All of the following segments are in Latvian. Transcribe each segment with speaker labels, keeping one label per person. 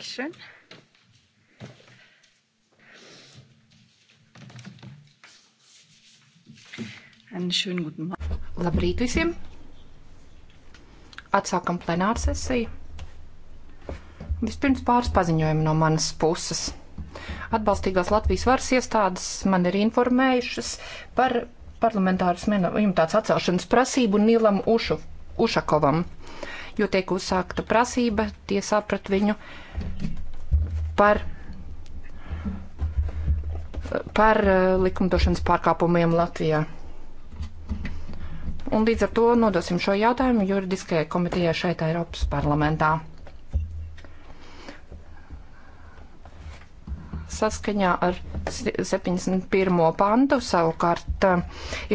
Speaker 1: action. Einen schönen guten Morgen. Labrīt visiem! Atsākam plenāru sesiju. Vispirms pāris paziņojumi no manas puses. Atbalstīgās Latvijas varas iestādes man ir informējušas par parlamentāras minoritātes atcelšanas prasību Nilam Ušu, Ušakovam. Uh, jo tiek uzsākta prasība tiesā pret viņu par, par eh, likumdošanas pārkāpumiem Latvijā. Un līdz ar to nodosim šo jautājumu juridiskajai komitejai šeit Eiropas parlamentā. saskaņā ar 71. pantu savukārt eh,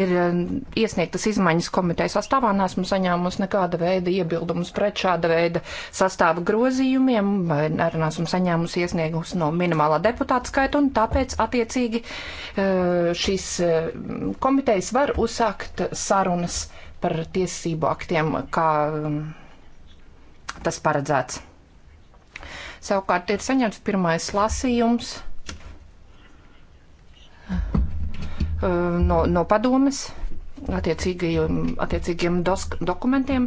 Speaker 1: ir eh, iesniegtas izmaiņas komitejas sastāvā. Nesmu saņēmusi nekāda veida iebildumus pret šāda veida sastāva grozījumiem, vai arī nesmu saņēmusi iesniegumus no minimālā deputāta skaita, un tāpēc attiecīgi eh, šīs komitejas var uzsākt sarunas par tiesību aktiem, kā mm, tas paredzēts. Savukārt ir saņemts pirmais lasījums Eh, no, no padomes attiecīgajiem, um, attiecīgiem dosk, dokumentiem.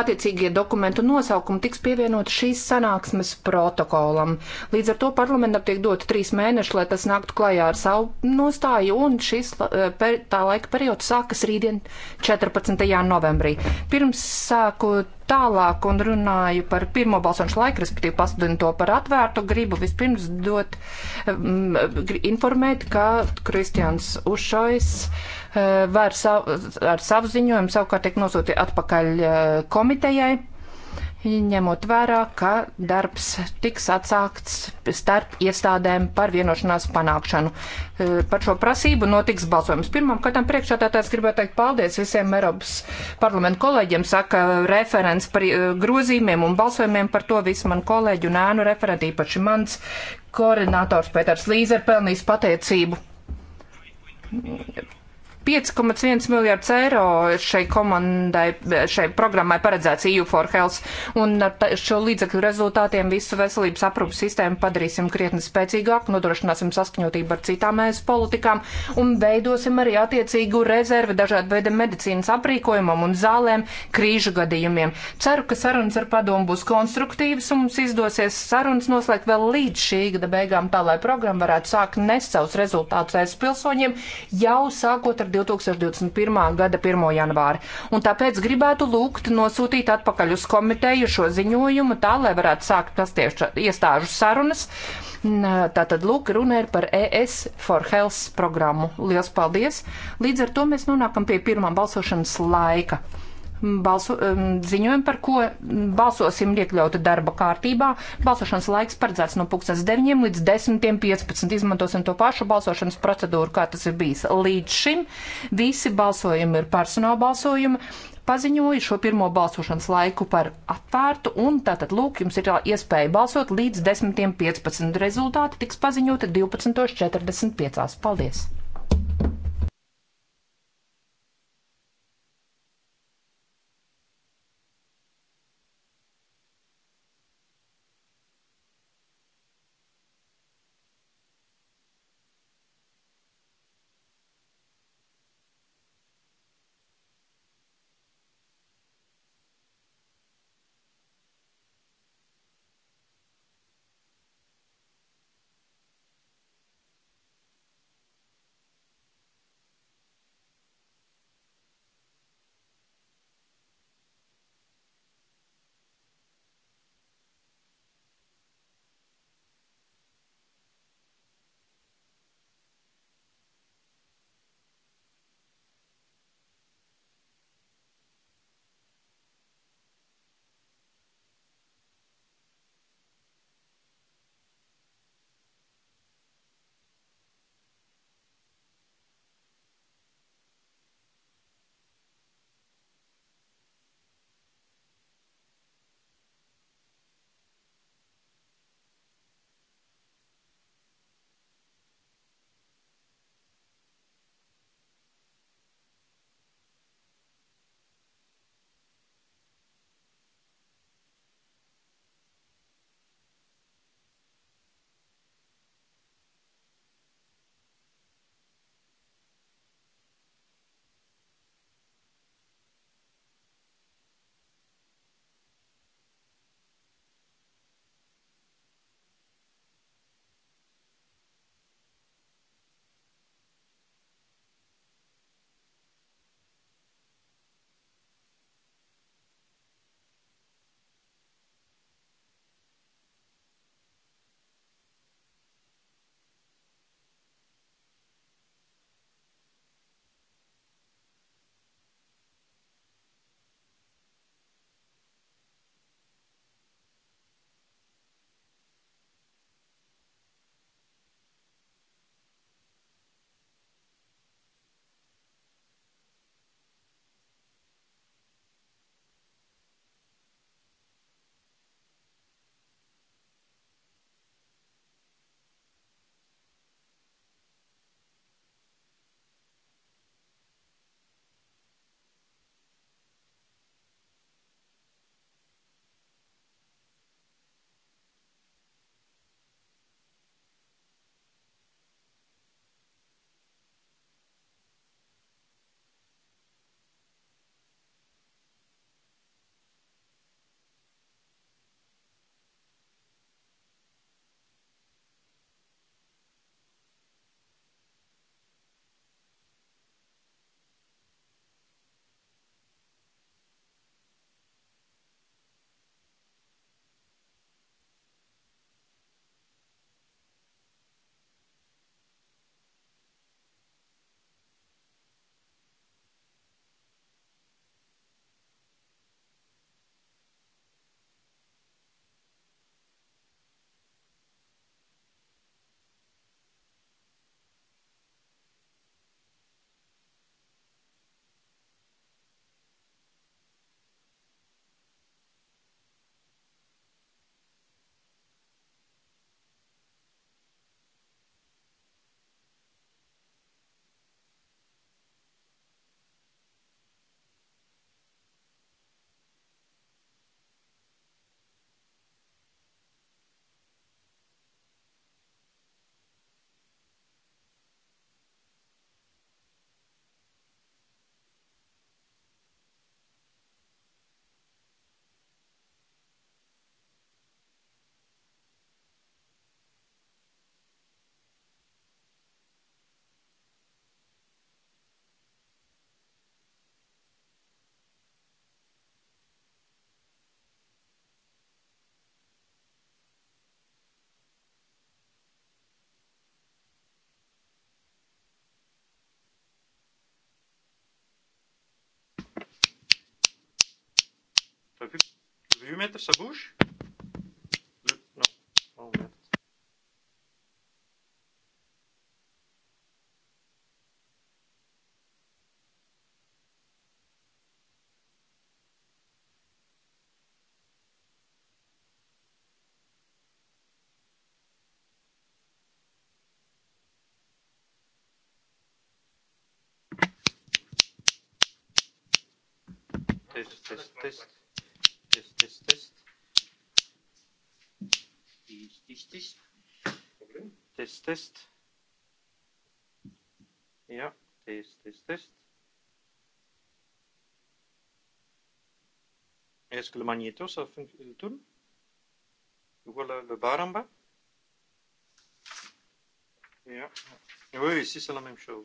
Speaker 1: Attiecīgie dokumentu nosaukumi tiks pievienot šīs sanāksmes protokolam. Līdz ar to parlamentam tiek dot trīs mēneši, lai tas nāktu klajā ar savu nostāju, un šis eh, per, tā laika periods sākas rītdien 14. novembrī. Pirms sākot tālāk un runāju par pirmo balsošanas laiku, respektīvi pasludinu to par atvērtu. Gribu vispirms dot, um, informēt, ka Kristians Ušojs uh, var sav, ar savu ziņojumu savukārt tiek nosūtīts atpakaļ uh, komitejai ņemot vērā, ka darbs tiks atsākts starp iestādēm par vienošanās panākšanu. E, par šo prasību notiks balsojums. Pirmam kārtam priekšādātājs gribētu teikt paldies visiem Eiropas parlamentu kolēģiem, saka referents par e, grozījumiem un balsojumiem par to visu man kolēģu un ēnu referenti, īpaši mans koordinators Pēters Līzer pelnīs pateicību 5,1 miljārds eiro šai komandai, šai programmai paredzēts EU for Health, un ar šo līdzekļu rezultātiem visu veselības aprūpas sistēmu padarīsim krietni spēcīgāku, nodrošināsim saskaņotību ar citām ES politikām un veidosim arī attiecīgu rezervi dažādu veidu medicīnas aprīkojumam un zālēm krīžu gadījumiem. Ceru, ka sarunas ar padomu būs konstruktīvas un mums izdosies sarunas noslēgt vēl līdz šī gada beigām, tā lai programma varētu sākt nest savus rezultātus ES pilsoņiem jau sākot ar ar 2021. gada 1. janvāri. Un tāpēc gribētu lūgt nosūtīt atpakaļ uz komiteju šo ziņojumu tā, lai varētu sākt pastiešu iestāžu sarunas. Tātad, lūk, runa ir par ES for Health programmu. Lielas paldies! Līdz ar to mēs nonākam pie pirmā balsošanas laika balso, um, ziņojumu, par ko balsosim, ir iekļauta darba kārtībā. Balsošanas laiks paredzēts no 2009 līdz 10.15. Izmantosim to pašu balsošanas procedūru, kā tas ir bijis līdz šim. Visi balsojumi ir personāla balsojumi. Paziņoju šo pirmo balsošanas laiku par atvērtu, un tātad lūk, jums ir iespēja balsot līdz 10.15. Rezultāti tiks paziņoti 12.45. Paldies!
Speaker 2: plus. Je vais lui mettre sa bouche. Le... Non. Nu, nu, oh merde. Test, test, test. Test, Test, Test. Test, Test, Test. Problem? Test, Test. Ja, Test, Test, Test. Est-ce que le magnéto, ça fonctionne, tourne Voilà le bar en bas. Ja. Oui, ici c'est la même chose.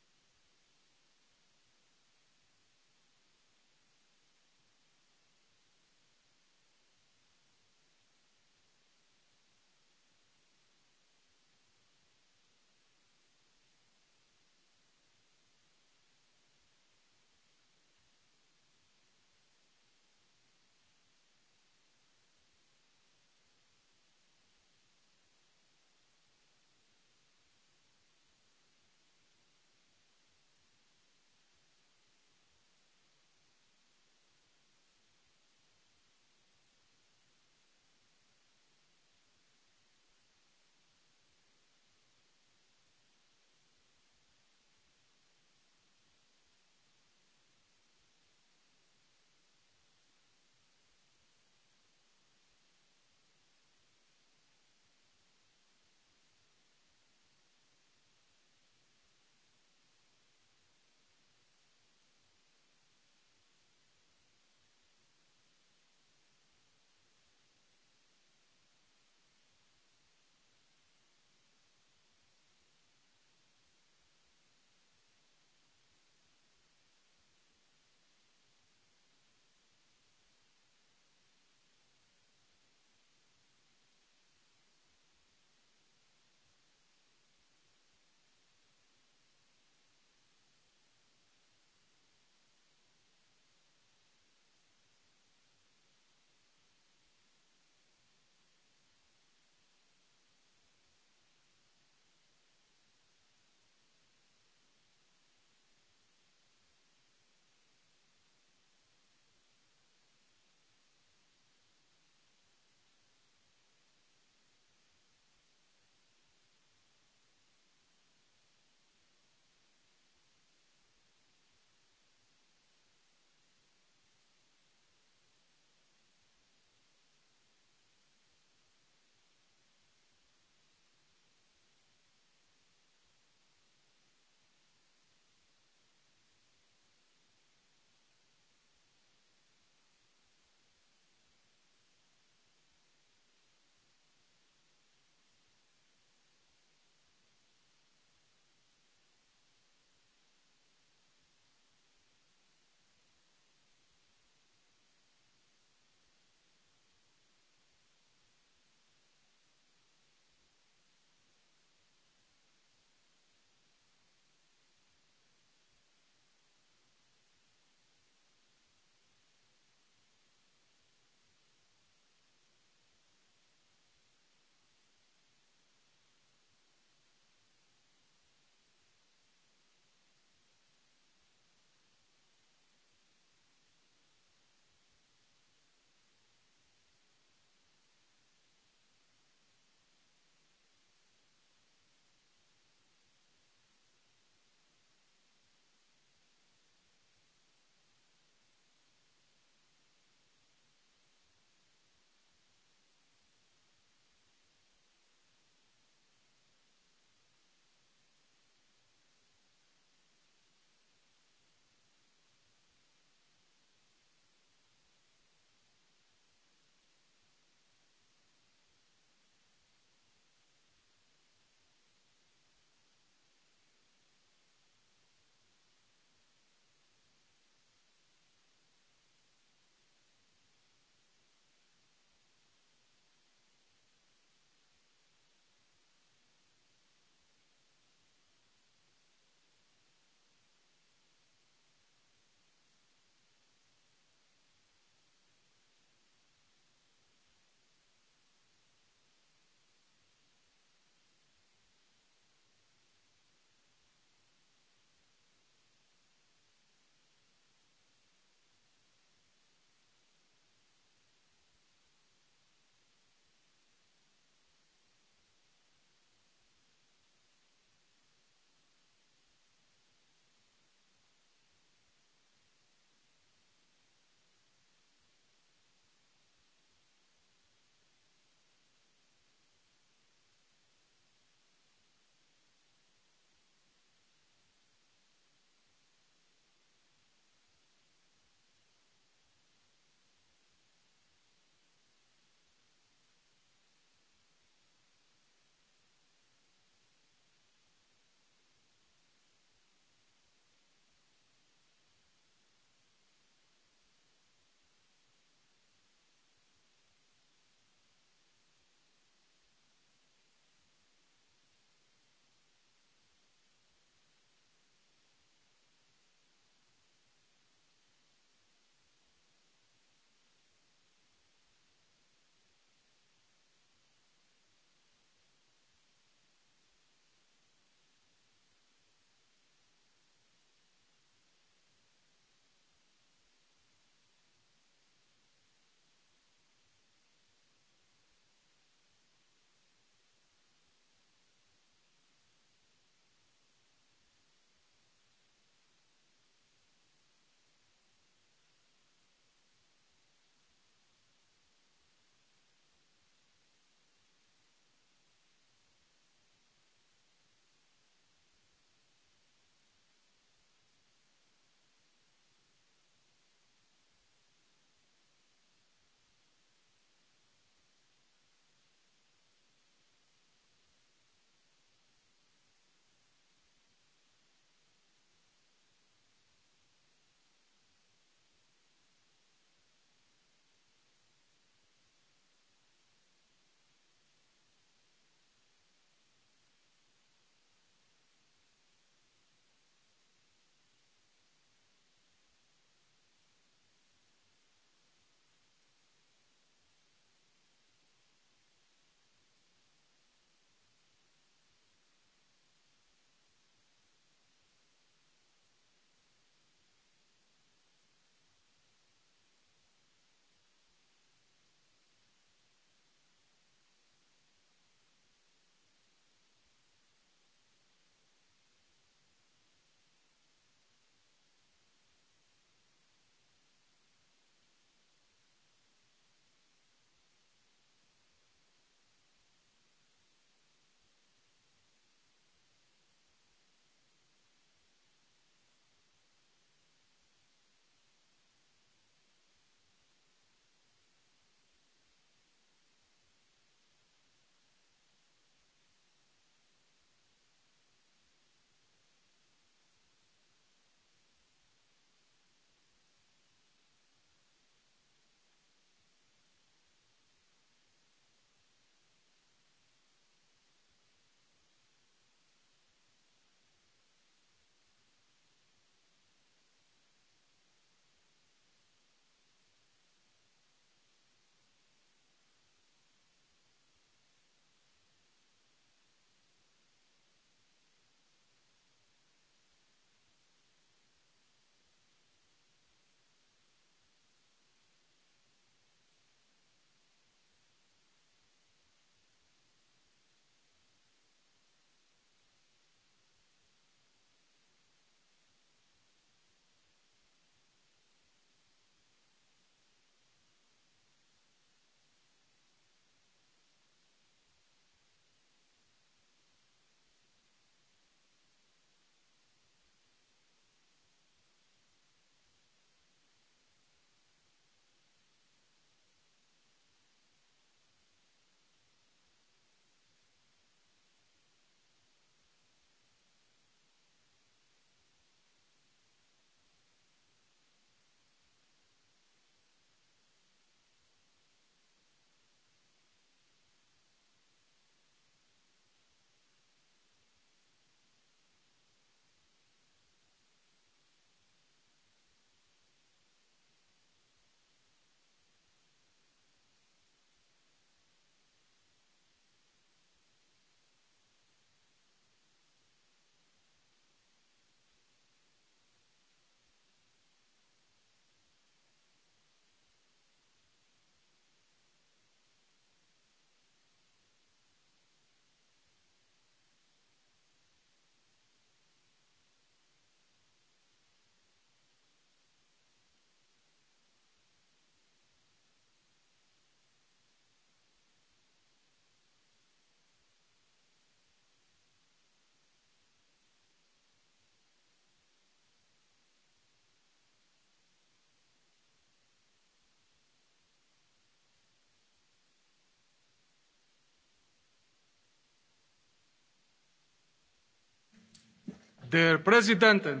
Speaker 2: der präsidentin!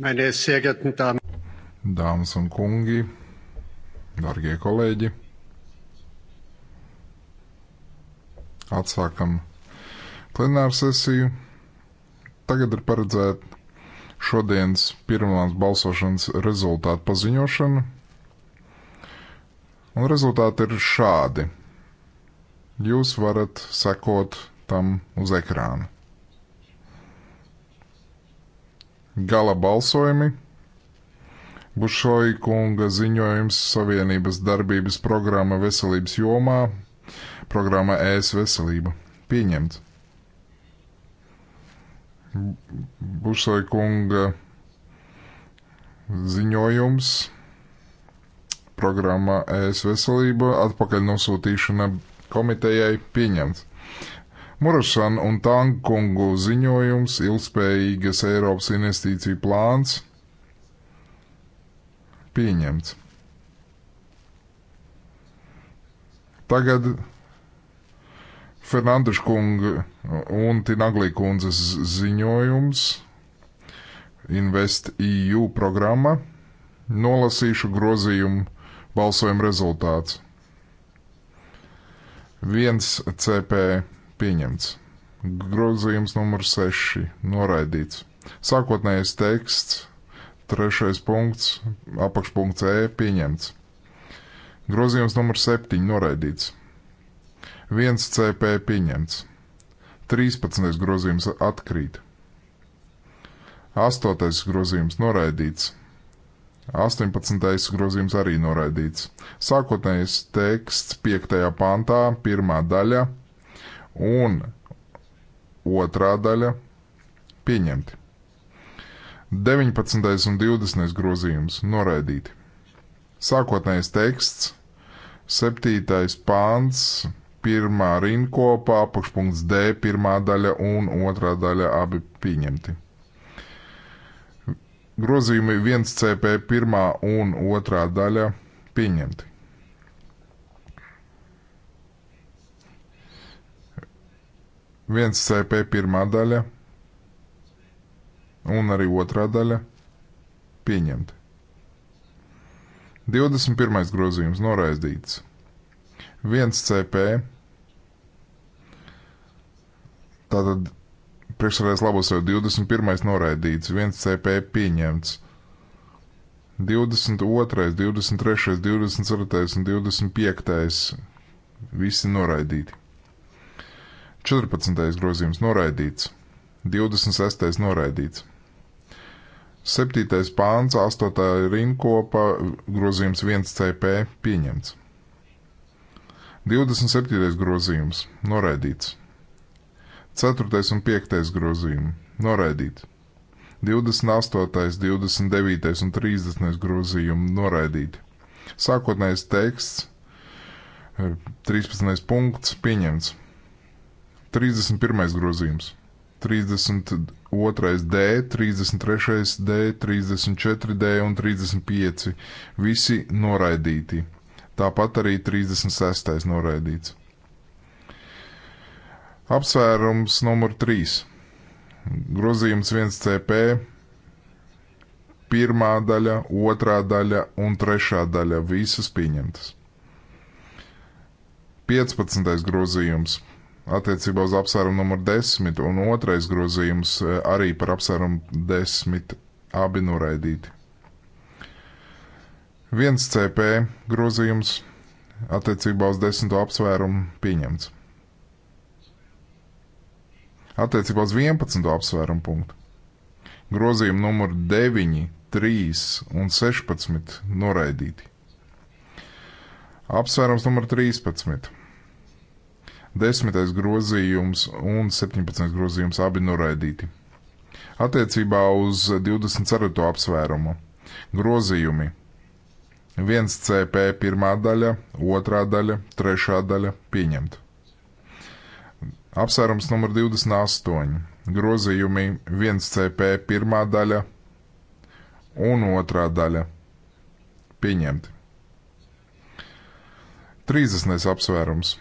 Speaker 2: meine sehr geehrten
Speaker 3: damen Dāmas un kungi, darbie kolēģi, atsākam plenāru sesiju. Tagad ir paredzēta šodienas pirmās balsošanas rezultātu paziņošanu. Un rezultāti ir šādi. Jūs varat sekot tam uz ekrāna. Gala balsojumi. Bušoja kunga ziņojums Savienības darbības programma veselības jomā, programma ēs e veselība. Pieņemts. Bušai kunga ziņojums programmā ES veselība atpakaļ nosūtīšana komitejai pieņemts. Murašana un Tankungu ziņojums ilgspējīgas Eiropas investīciju plāns pieņemts. Tagad Fernandeša kunga un Tinaglī kundzes ziņojums Invest EU programma. Nolasīšu grozījumu balsojumu rezultāts. 1 CP pieņemts. Grozījums numur 6 noraidīts. Sākotnējais teksts, trešais punkts, apakšpunkts E pieņemts. Grozījums numur 7 noraidīts. 1 CP pieņemts. 13. grozījums atkrīt. 8. grozījums noraidīts. 18. grozījums arī noraidīts. Sākotnējais teksts 5. pantā, pirmā daļa un otrā daļa pieņemti. 19. un 20. grozījums noraidīti. Sākotnējais teksts 7. pāns pirmā rinkopa, apakšpunkts D, pirmā daļa un otrā daļa abi pieņemti. Grozījumi 1 CP pirmā un otrā daļa pieņemti. Viens CP pirmā daļa un arī otrā daļa pieņemti. 21. grozījums noraidīts. 1CP. Tātad priekšsēdētājs labos jau 21. noraidīts, 1CP pieņemts. 22., 23., 24. un 25. visi noraidīti. 14. grozījums noraidīts, 26. noraidīts. 7. pāns, 8. rinkopa, grozījums 1CP pieņemts. 27. grozījums - noraidīts. 4. un 5. grozījumi - noraidīts. 28., 29. un 30. grozījumi - noraidīti. Sākotnējais teksts eh, - 13. punkts - pieņemts. 31. grozījums - 32. D, 33. D, 34. D un 35. Visi noraidīti. Tāpat arī 36. noraidīts. Apsvērums numur 3. Grozījums 1CP. Pirmā daļa, otrā daļa un trešā daļa visas pieņemtas. 15. grozījums attiecībā uz apsvērumu numur 10 un otrais grozījums eh, arī par apsvērumu 10 abi noraidīti. Viens CP grozījums attiecībā uz desmito apsvērumu pieņemts. Attiecībā uz 11. apsvērumu punktu. Grozījumi numur 9, 3 un 16 noraidīti. Apsvērums numur 13. Desmitais grozījums un 17. grozījums abi noraidīti. Attiecībā uz 24. apsvērumu grozījumi 1 CP pirmā daļa, otrā daļa, trešā daļa pieņemt. Apsvērums numur 28. Grozījumi 1 CP pirmā daļa un otrā daļa pieņemti. 30. apsvērums.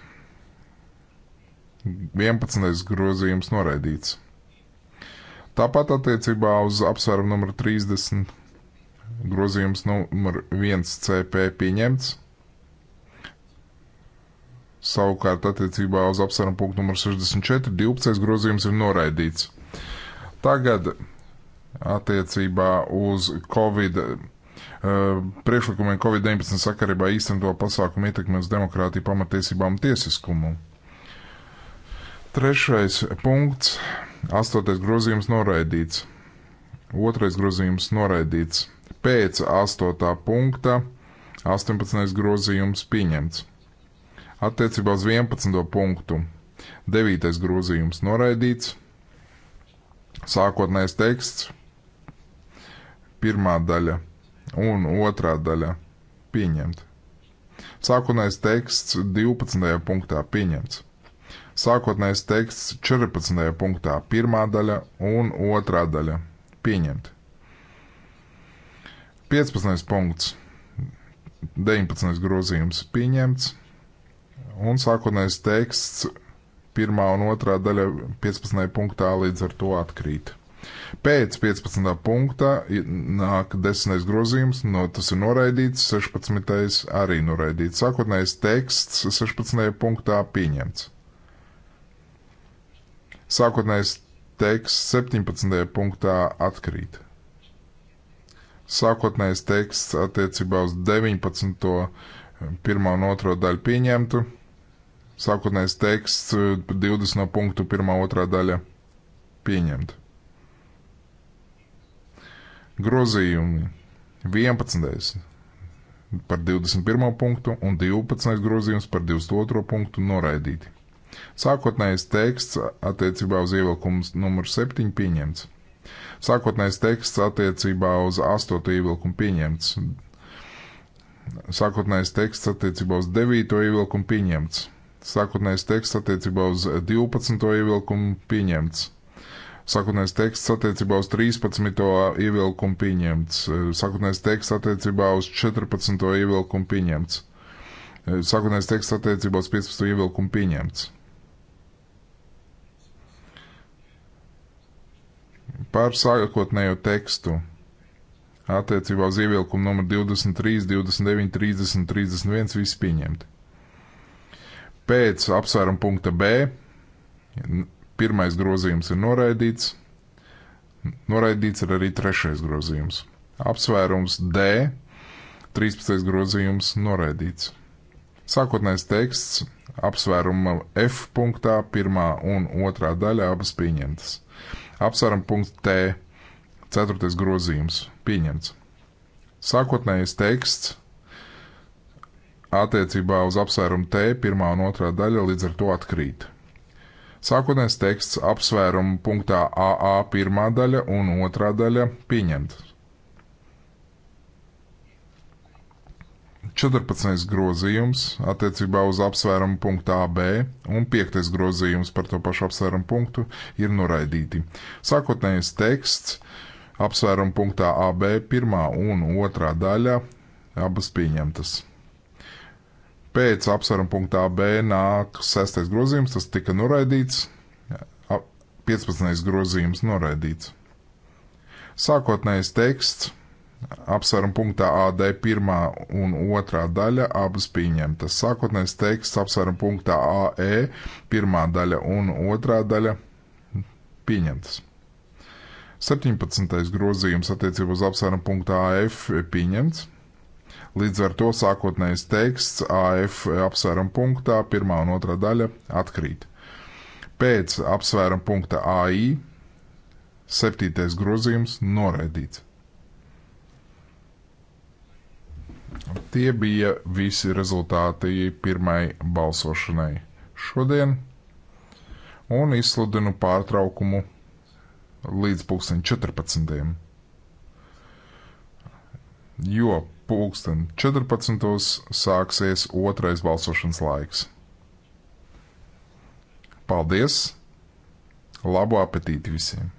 Speaker 3: 11. grozījums noraidīts. Tāpat attiecībā uz apsvērumu numuru 30 grozījums numur 1CP pieņemts. Savukārt attiecībā uz apsvērumu punktu numur 64 12. grozījums ir noraidīts. Tagad attiecībā uz Covid eh, priekšlikumiem Covid-19 sakarībā īstenoto pasākumu ietekmi uz demokrātiju, pamatiesībām un tiesiskumu. Trešais punkts, astotais grozījums noraidīts. Otrais grozījums noraidīts pēc 8. punkta 18. grozījums pieņemts. Attiecībā uz 11. punktu 9. grozījums noraidīts, sākotnējais teksts, pirmā daļa un otrā daļa pieņemta. Sākotnējais teksts 12. punktā pieņemts. Sākotnējais teksts 14. punktā pirmā daļa un otrā daļa pieņemta. 15. punkts, 19. grozījums pieņemts, un sākotnējais teksts pirmā un otrā daļa 15. punktā līdz ar to atkrīt. Pēc 15. punkta nāk 10. grozījums, no tas ir noraidīts, 16. arī noraidīts. Sākotnējais teksts 16. punktā pieņemts. Sākotnējais teksts 17. punktā atkrīt sākotnējais teksts attiecībā uz 19. pirmā un otro daļu pieņemtu, sākotnējais teksts 20. Eh, no punktu pirmā otrā daļa pieņemtu. Grozījumi 11. par 21. punktu un 12. grozījums par 22. punktu noraidīti. Sākotnējais teksts attiecībā uz ievilkumu numur 7 pieņemts Sākotnējais teksts attiecībā uz 8. ievilkumu pieņemts. Sākotnējais teksts attiecībā uz 9. ievilkumu pieņemts. Sākotnējais teksts attiecībā uz 12. ievilkumu pieņemts. Sākotnējais teksts attiecībā uz 13. ievilkumu pieņemts. Sākotnējais teksts attiecībā uz 14. ievilkumu pieņemts. Sākotnējais teksts attiecībā uz 15. ievilkumu pieņemts. par sākotnējo tekstu attiecībā uz ievilkumu numur 23, 29, 30, 31 visi pieņemti. Pēc apsvēruma punkta B pirmais grozījums ir noraidīts, noraidīts ir arī trešais grozījums. Apsvērums D 13. grozījums noraidīts. Sākotnējais teksts apsvēruma F punktā pirmā un otrā daļa abas pieņemtas Apsveram punktu T. Ceturtais grozījums pieņemts. Sākotnējais teksts attiecībā uz apsvērumu T pirmā un otrā daļa līdz ar to atkrīt. Sākotnējais teksts apsvērumu punktā AA pirmā daļa un otrā daļa pieņemts. 14. grozījums attiecībā uz apsvērumu punktu AB un 5. grozījums par to pašu apsvērumu punktu ir noraidīti. Sākotnējais teksts apsvērumu punktā AB pirmā un otrā daļa abas pieņemtas. Pēc apsvērumu punktā AB nāk 6. grozījums, tas tika noraidīts, 15. grozījums noraidīts. Sākotnējais teksts Apsveram punktā AD pirmā un otrā daļa abas pieņemtas. Sākotnēs teksts apsveram punktā AE pirmā daļa un otrā daļa pieņemtas. 17. grozījums attiecībā uz apsveram punktu AF pieņemts. Līdz ar to sākotnējais teksts AF apsvērum punktā, pirmā un otrā daļa atkrīt. Pēc apsvērum punkta AI septītais grozījums noraidīts. Tie bija visi rezultāti pirmai balsošanai šodien, un izsludinu pārtraukumu līdz 2014. Jo 2014. sāksies otrais balsošanas laiks. Paldies! Labu apetīti visiem!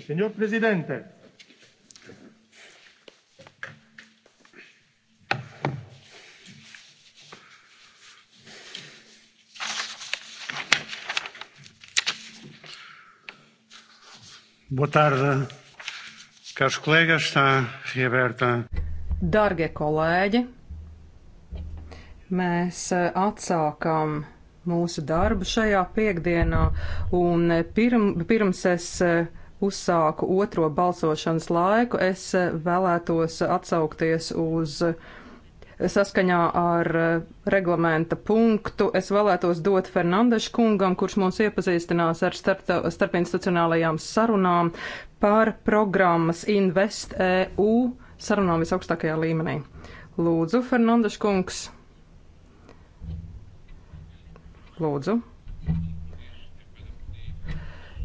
Speaker 4: Signor Presidente,
Speaker 2: Boa tarde, caros colegas. Está reaberta. Dargie kolēģi, mēs eh, atsākam mūsu darbu šajā piekdienā, un pirm, pirms es eh, uzsāku otro balsošanas laiku, es eh, vēlētos atsaukties uz eh, saskaņā ar eh, reglamenta punktu. Es vēlētos dot Fernandešu kungam, kurš mūs iepazīstinās ar starp, starpinstitucionālajām sarunām par programmas Invest EU sarunām visaugstākajā līmenī. Lūdzu, Fernandešu kungs. Lūdzu.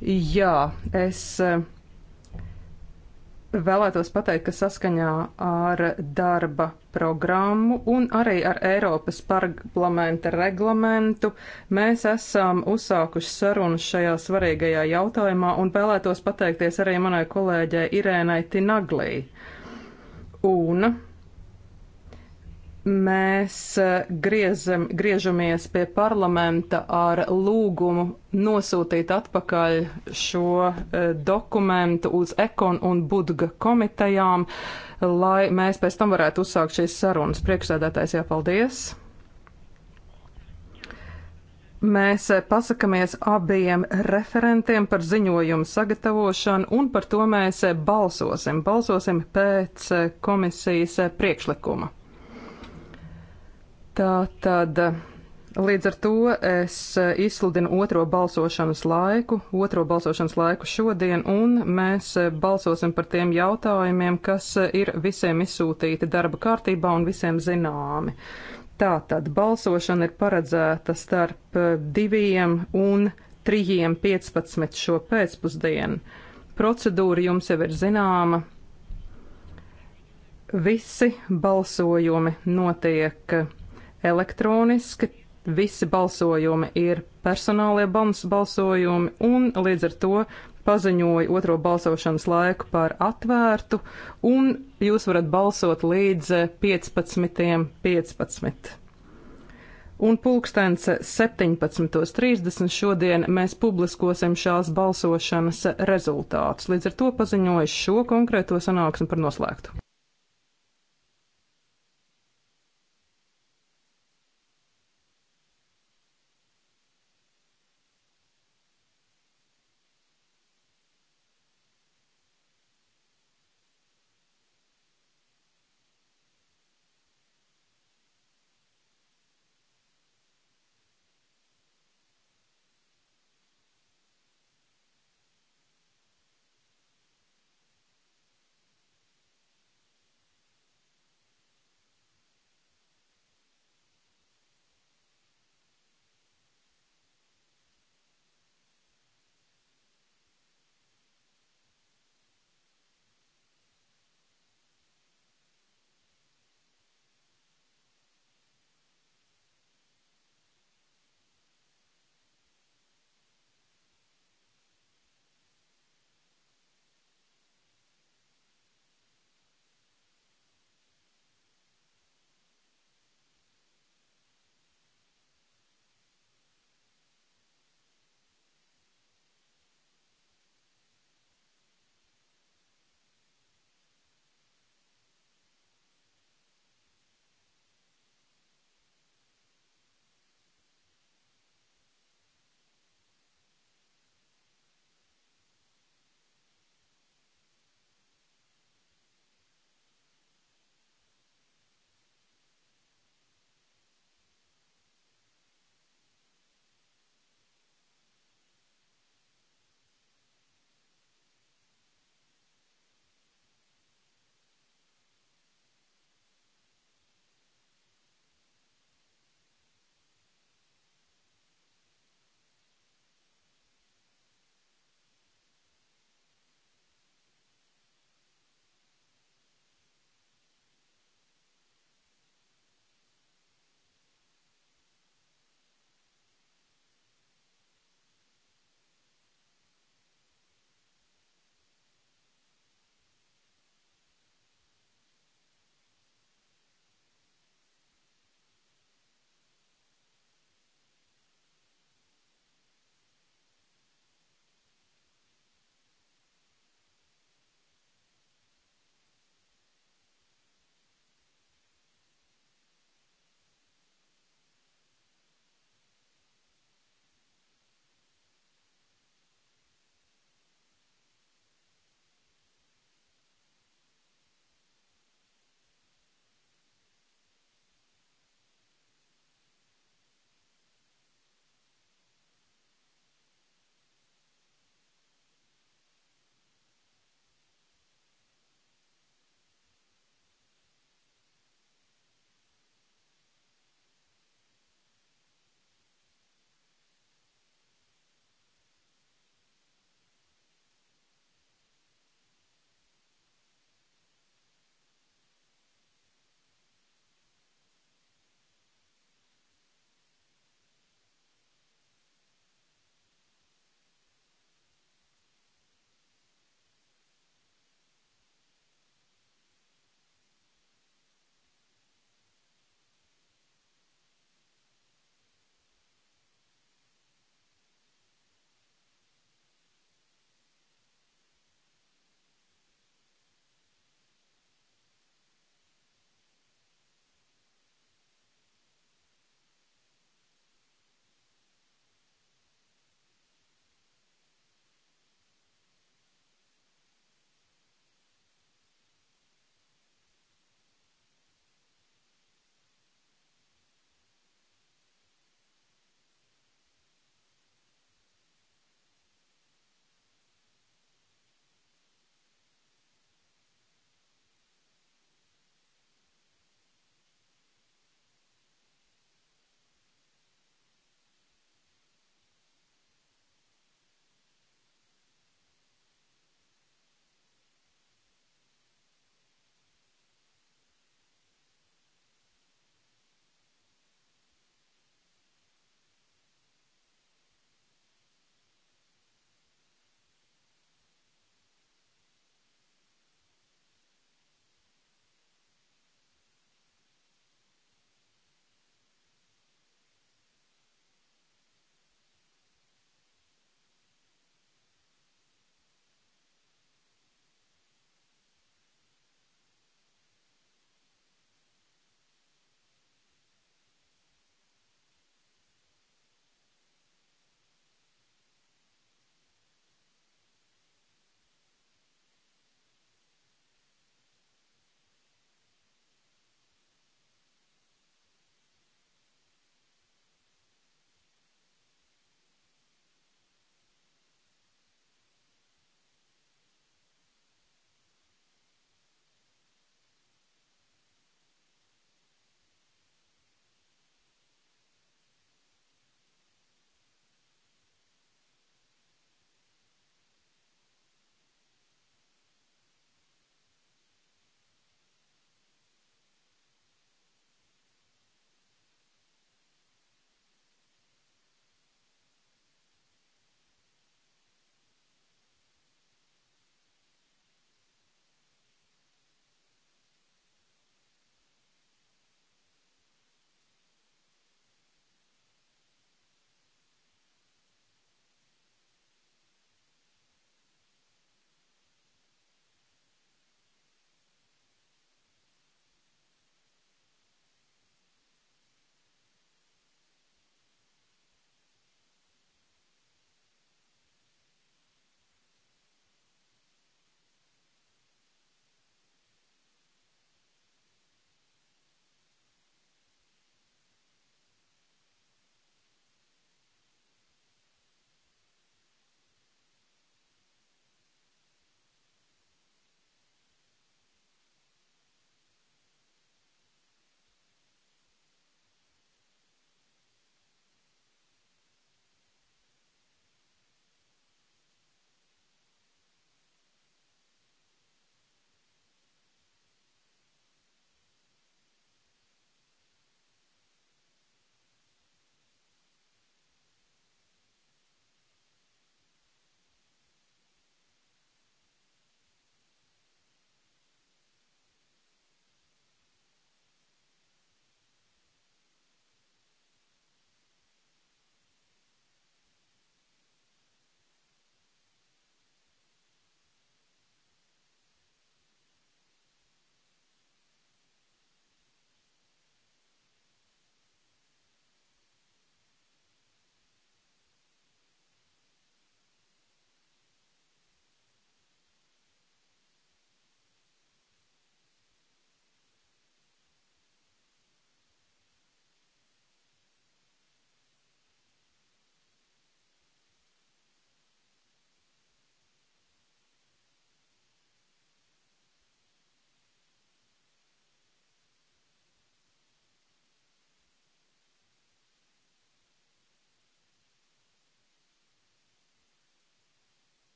Speaker 2: Jā, es eh, vēlētos pateikt, ka saskaņā ar darba programmu un arī ar Eiropas parlamenta reglamentu mēs esam uzsākuši sarunas šajā svarīgajā jautājumā un vēlētos pateikties arī manai kolēģei Irēnai Tinaglī. Un mēs eh, griezam, griežamies pie parlamenta ar lūgumu nosūtīt atpakaļ šo eh, dokumentu uz Ekon un Budga komitejām, lai mēs pēc tam varētu uzsākt šīs sarunas. Priekšsēdētājs jāpaldies. Mēs eh, pasakamies abiem referentiem par ziņojumu sagatavošanu, un par to mēs balsosim. Balsosim pēc komisijas priekšlikuma. Tā tad līdz ar to es izsludinu otro balsošanas laiku, otro balsošanas laiku šodien, un mēs balsosim par tiem jautājumiem, kas ir visiem izsūtīti darba kārtībā un visiem zināmi. Tātad balsošana ir paredzēta starp 2 un 3.15 šo pēcpusdienu. Procedūra jums jau ir zināma. Visi balsojumi notiek elektroniski. Visi balsojumi ir personālie balsojumi, un līdz ar to paziņoju otro balsošanas laiku par atvērtu, un jūs varat balsot līdz 15.15. 15. Un pulkstens 17.30 šodien mēs publiskosim šās balsošanas rezultātus. Līdz ar to paziņoju šo konkrēto sanāksmi par noslēgtu.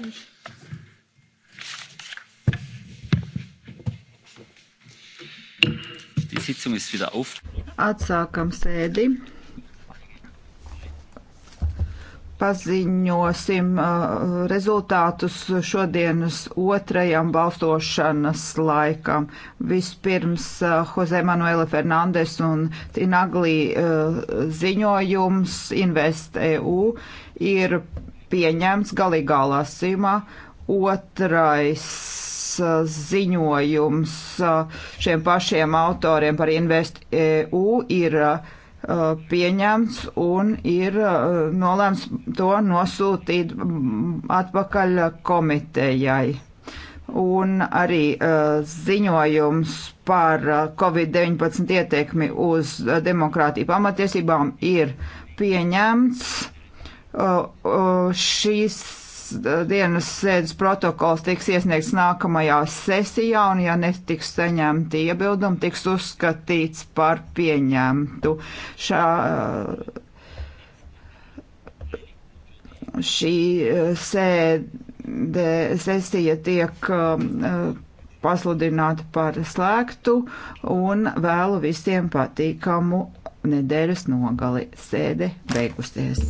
Speaker 4: Mensch. Die Sitzung ist wieder auf. Atsākam sēdi. Paziņosim uh, rezultātus šodienas otrajam balsošanas laikam. Vispirms uh, Jose Manuela Fernandes un Tinaglī uh, ziņojums Invest EU ir pieņemts galīgā lasīmā. Otrais uh, ziņojums uh, šiem pašiem autoriem par InvestEU ir uh, pieņemts un ir nolēms to nosūtīt atpakaļ komitejai. Un arī ziņojums par Covid-19 ietekmi uz demokrātiju pamatiesībām ir pieņemts šīs dienas sēdes protokols tiks iesniegts nākamajā sesijā, un ja netiks saņemti iebildumi, tiks uzskatīts par pieņemtu. Šā, šī e, sēde, sesija tiek e, pasludināta par slēgtu un vēlu visiem patīkamu nedēļas nogali. Sēde beigusies.